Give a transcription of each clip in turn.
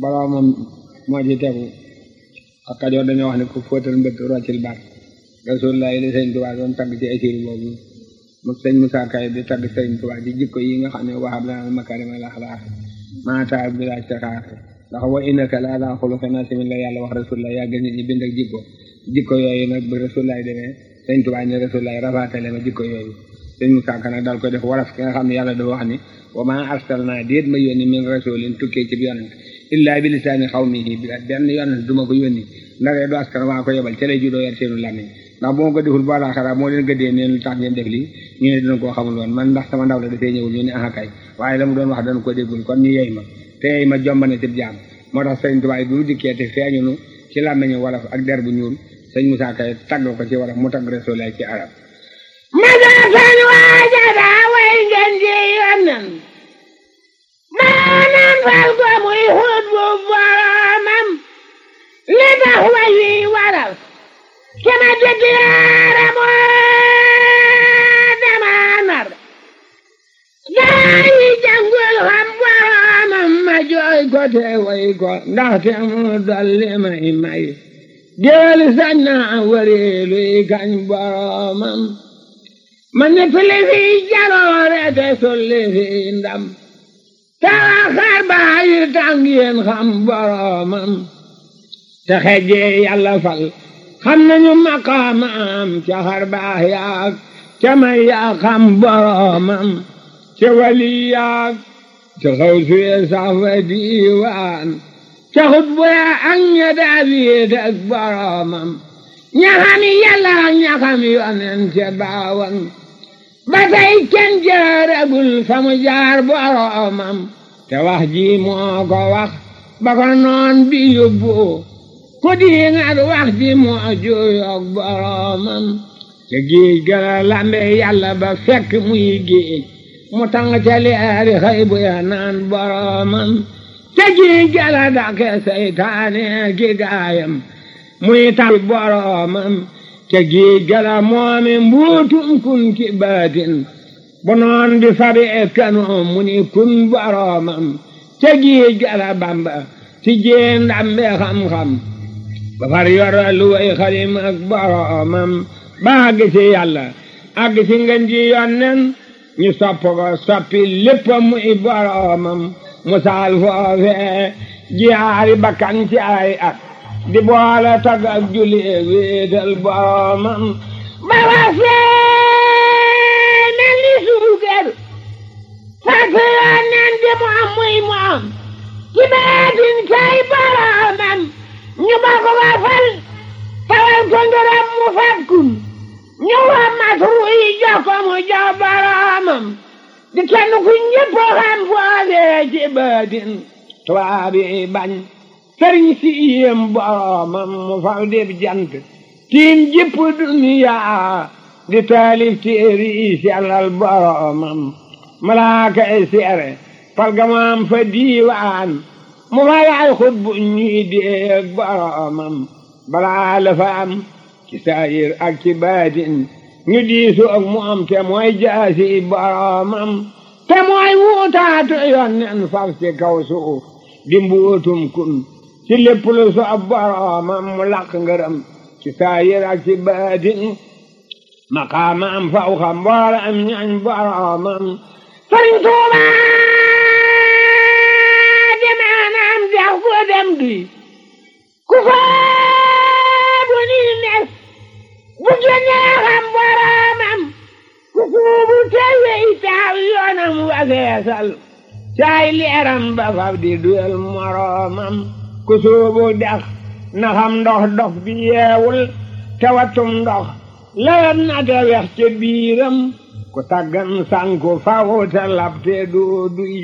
boroomam moo ci tegu a kajoor dañoo wax ne ko fóotal mbëtt roccil baat rasulullah yi li sëñ Tuubaa doon tagg ci asir boobu mu sëñ Musaa Kay di tagg sëñ Tuubaa di jikko yi nga xam ne waxab lana makarima al axlaaq maata bi laa saxaar ndax wa innaka la ala xuluqin naa la yàlla wax rasulullah yaa gën nit ñi bind ak jikko jikko yooyu nag bu rasulullah demee sëñ Tuubaa ne rasulullah rafaatale ma jikko yooyu dañu sànk nag dal koy def waraf ki nga xam ne yàlla dafa wax ni wa ma arsalna déet ma yónni min rasulin ma ko yónni ndaree du askan waa ko yebal ca lay judoo yar seenu làmmiñ ndax bu ma ko deful bala xara moo leen gëddee tax ngeen def lii koo xamul woon man ndax sama ndaw la dafee ñëwul ñu ne aha kay waaye doon wax ko déggul kon ñu yey ma te yey ma jombane ci jaam moo tax sëñ Tuubaa bi mu dikkee te feeñunu ci làmmiñu wolof ak der bu ñuul sëñ Musaa Kay tagg ko ci wolof mu tagg Rasul ci arab mazatan waajada way ngeen ji yonen maanaam fal ko muy bu boromam li tax way wi waral sama jëkkëraara moo dama nar gaa yi jàngul xam boromam ma jooy ko te way ko ndaxte mu dolli may may géwél sañ naa wari luy kañ boromam ma nettali fi jaloore te solli fi ndam te waxar ba yu tàng yéen xam boroomam te xejee fal xam nañu maqaamam ca xar baax yaag ca may yaa xam boroomam ca wali yaag ca xaw sax fa diiwaan ca xut bu yaa ak ña daal yéet ak boroomam ñaxami yàlla ñaxami yonen ca baawan ba tey kenn jaaragul fa mu jaar boroomam te wax ji moo wax ba ko noon bi yóbbu ku diingat wax ji moo juyoog boroomam te géej gala lambe yàlla ba fekk muy géej mu tàng ca leeri xëy ya naan boroomam te géej gala dake seytaane ki gaayam muy tal boroomam ca giigala moome mbuutum kun ki baatin bu noon di fabi e kanoom mu ni kun boroomam ca giigala bamba ci jéen ndambe xam-xam ba far yoro luway xalim ak boroomam ba àgg ci yàlla àgg ci ngën ji yonnen ñu sopp ko soppi lépp muy boroomam mu saal foofe jiyaari bakkan ci ay at di boole tagg ak julli e wéetal boromam ba wasee mel ni suukar fàtte yoon naan di mu am muy mu am ci baatin kay boromam ñu ba ko wafal tawal ko ngërëm mu fakkun ñu wa matru yi jox ko mu jox boromam di kenn ku ñëpp xam foole ci baatin tubaab yi bañ sëriñ si yem boromam mu faw deb jant tiim jëpp duniyaa di taalif téeri i sellal boromam malaaka e seere pargamaam fa diiwaan mu fay ay xut bu ñuy déeg boromam balaa la fa ci saayir ak ci baatin ñu diisu ak mu te mooy jaasi boromam te mooy wuutaatu yoon nen far ci kaw suuf di mbuutum kun ci lépp lu soob boroomam mu làq ngërëm ci saayir ak ci baatin maqaamam faw xam mboolem ñañ boroomam sëriñ Tuuba jamaanam jax foo dem duy ku faabu nii nes bu jënee xam boroomam ku suubu tewe itaaw yoonam waseesal caay leeram ba fab di duyal moroomam ku suubu dex na xam ndox dox bi yeewul tewatum ndox lewet na te wex ca biiram ku taggan sanku faw te labte duy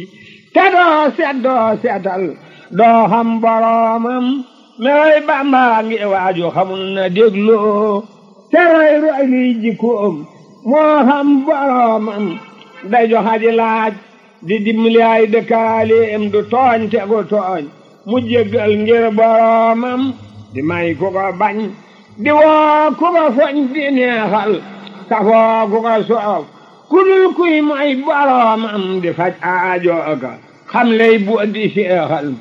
te doo set doo setal doo xam boroomam mewoy bàmbaa ngi waaju xamul na dégloo te roy roy liy jikkoom moo xam boroomam day joxaji laaj di dimbali ay dëkkaaleem du tooñ tegu tooñ mu jéggal ngir boromam di may ku ko bañ di woo ku ko foñ di neexal safoo ku ko soof ku dul kuy mooy boromam di faj aajooka xam lay bu di seexal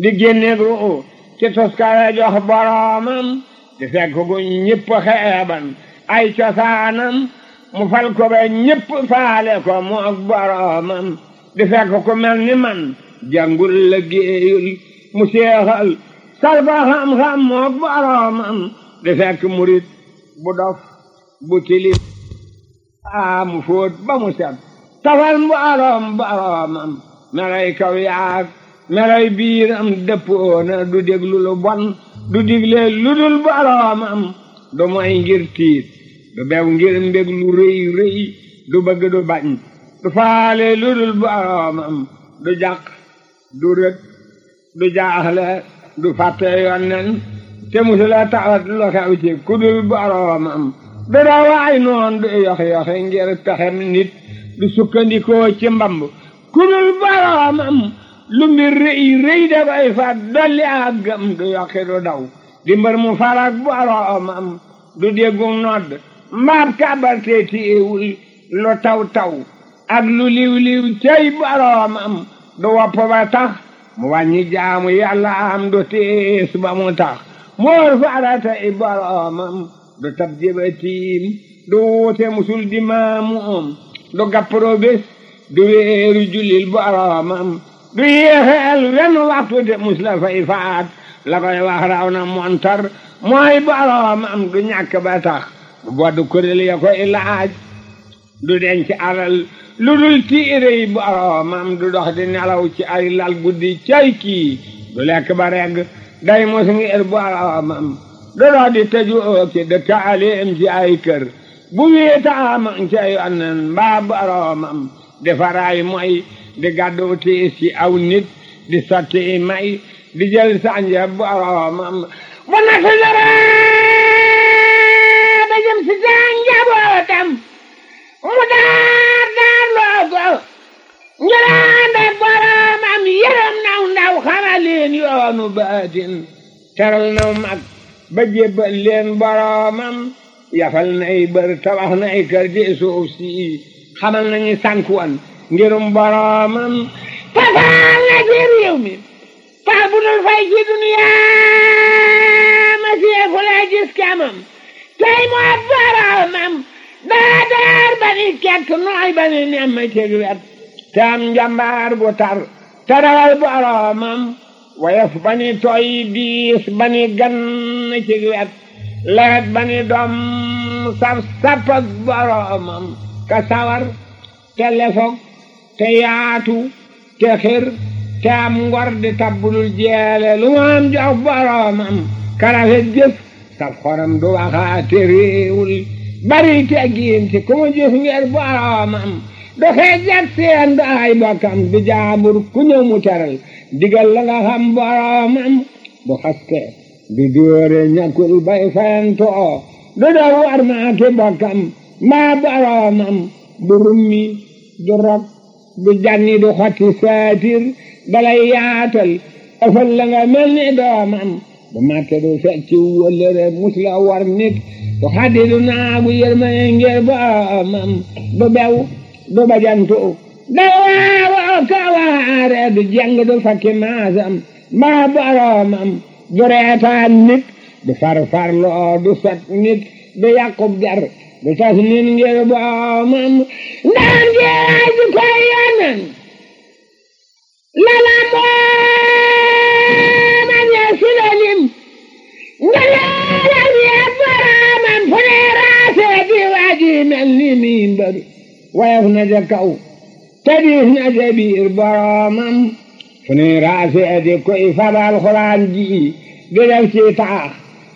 di génneeg ruu ci tuskare jox boromam di fekk gu ñëpp xeeban ay cosaanam mu fal ko ba ñëpp faale ko mu ak boromam di fekk ku mel ni man jàngul liggéeyul mu seexal sarfa xam-xam mook boroomam di fekk murit bu dof bu tilim aa mu fóot ba mu set tafal mboorom boroomam melay kaw yaag melay biiram dëppoona du déglu lu bon du digle lu dul boroomam du moy ngir tiit du bew ngir mbég lu rëy du bëgg du bañ du faale lu dul boroomam du jàq du rët du jaaxle du fàtte nen te musula tawat lu xew ci kudul boroomam du rawaay noon du yoxi yoxi ngir pexem nit du sukkandikoo ci mbamb kudul boroomam lu mbir rëy rëy fa dolli ak gëm du yoxi du daw di mbër mu farak boroomam du déggu nodd mbaab kàbarte tiiwul lu taw taw ak lu liw liw tey boroomam du wopp ba tax mu wàññi jaamu yàlla am tiis ba mu tax moor farata i boromam du tab jëbatiim du wuute musul di maamu du gappro bés du weeru julil boromam du yéexeel wenn waxtu de mus la fay faat la koy wax raw na montar mooy boromam du ñàkk ba tax mu bodd kuréel ya koy laaj du denc alal lu dul tiire yi boromam ah, du dox di nelaw ci ay lal guddi cay kii du lekk ba regg day mos ngir er boromam ah, ah, du dox di tëju ci dëkk aleem ci ay kër bu wéetaam ci ay anan mbaa boromam di faraay moy di gàddu tiis ci aw nit di sotti may di jël sànja boromam bu na fi naree da jëm si sànja bootam mu daar daar loo ko ñu daan def boroomam yërëm naw ndaw xamal leen yoonu baatin teral naw mag ba jébbal leen boroomam yafal nay bër tabax nay kër ci suuf si xamal nañu sànk woon ngirum boroomam tafaal na ci réew mi faa bu dul fay ci duniyaa ma seefu la gis kamam tey moo boroomam badar bani kekk nooy bani nemme teg wet tam njambaar bu tar tarawal boromam woyof bani tooy diis bani gann cig wet lewet bani doom saf sapak boromam ka sawar te lefog te yaatu te xir di tabbulul jeele lu mu am ka rafet jëf saf xorom du waxaa te réewul bari te ak ku ma jëf ngir boroomam dafay jar seen du ay bokkam jaabur ku ñëw mu teral digal la nga xam boroomam du xaste du dóore bay fayantoo du doon war maa ki bokkam maa boroomam du rummi du rog du janni du xotti saatir dalay yaatal ëfal la bu màkke du fecc wëllëre mus la war nit to xadidu naa bu yërmane ngir ba mam du bew du bajantu dawaaroo kawaare du du fakki maasam mbaa boromam du reetaan nit du farfarloo du sot nit du yàqub jar du tas nit ngir ba mam ndaan jeex ju koy yonan la la moo ma ñeesi ngeleelam yee baraamam fu ne raasee di waaji mel ni mimbar wayaf na ca kaw te diis na ca biir boroomam fu ne raasee di koy fabal xuraan ji di def ci taax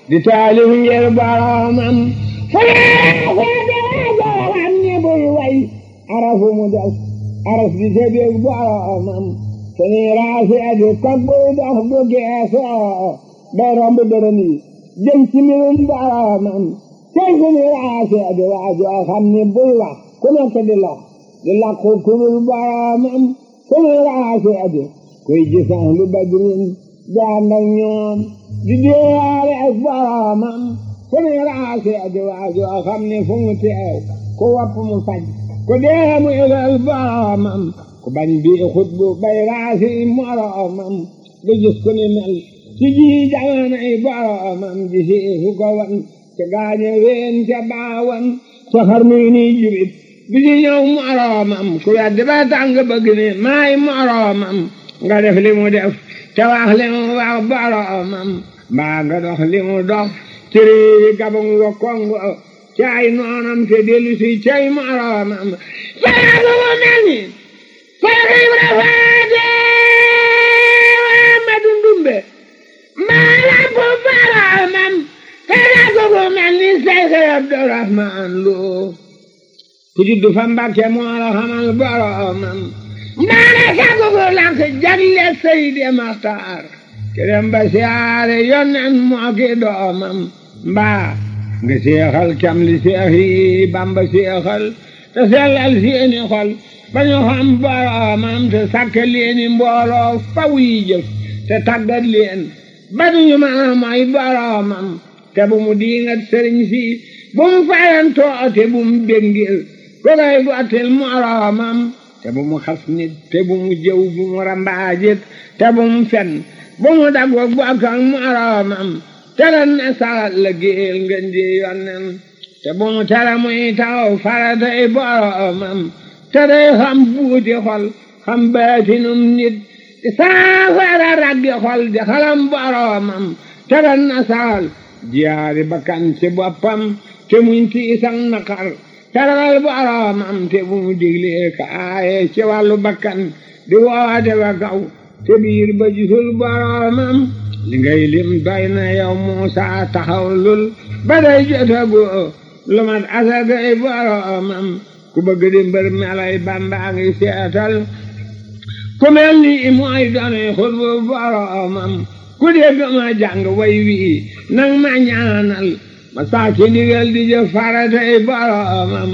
di taalif ngir boroomam fu ne raasee di waajoram ni buy way arafu mu des araf di ca biir boroomam fu ne raasee di kag buy dox du geesoo day romb dërëm yi dem ci mbirum baaraaman ku ñuy waase di wax joo xam ne buy wax ku nekk di lox di làqu ku dul baaraaman ku ñuy waase di kuy gis ahlu badrin di ànd ak ñoom di deewaale ak baaraaman ku ñuy waase di wax joo xam ne fu teew ku wopp mu faj ku dee mu ilal baaraaman ku bañ bii xutbu bay raasi moroomam di gis ku ni mel ci ji jamonoy boromam ji siifu ko wan ca gaañe ween ca baawan ca xarnu yi nii jubit bi ci ñëw moromam ku weddi ba tàng bëgg ne maay moromam nga def li mu def te wax li mu mu dox ci réewi gabon wa kongo caay noonam te dellu si cay moromam faya lu mu mel ni faya kay bu rafetee waa ma dundumbe maalam ko baraamam tera ko ko mel ni sayka Abdurahmaan Lo ku juddu fa Mbàkke moo la xamal boroomam mbaara ka ko ko lank jagle Seydi Maxtaar kerem ba siyaare yonen moo ki doomam mbaa nga seexal kam li seex yi Bamba seexal te sellal seeni xol ba ñu xam boroomam te sakk leeni mbooloo faw yi jëf te taggat leen baduñu ma mooy boroomam te bu mu diingat sëriñ si bu mu fayantoo te bu mu béngil koday bootel moroomam te bu mu xas nit bu mu jëw bu mu rambaajit te bu mu fen bu mu daggoog bokkal moroomam te ren ne saxal la géel ngën ji yonnen te bu mu tere muy taw faratay boroomam te day xam buuti xol xam baatinum nit saafara raggi xol di xalam boroomam teral na saal jiyaari bakkan ci boppam te muñ ci isan naqar teralal boroomam te bu mu diglee ka aaye ci wàllu bakkan di woote wa kaw te biir ba gisul boroomam li ngay lim doy na Muusa taxaw ba day jotagoo lu mat asagay boroomam ku bëgg di mbër melay Bamba ngi seetal ku mel ni mooy doone xutbu boroomam ku dégg ma jàng way wii nang ma ñaanal ma saa ci ndigal di jëf faratay boroomam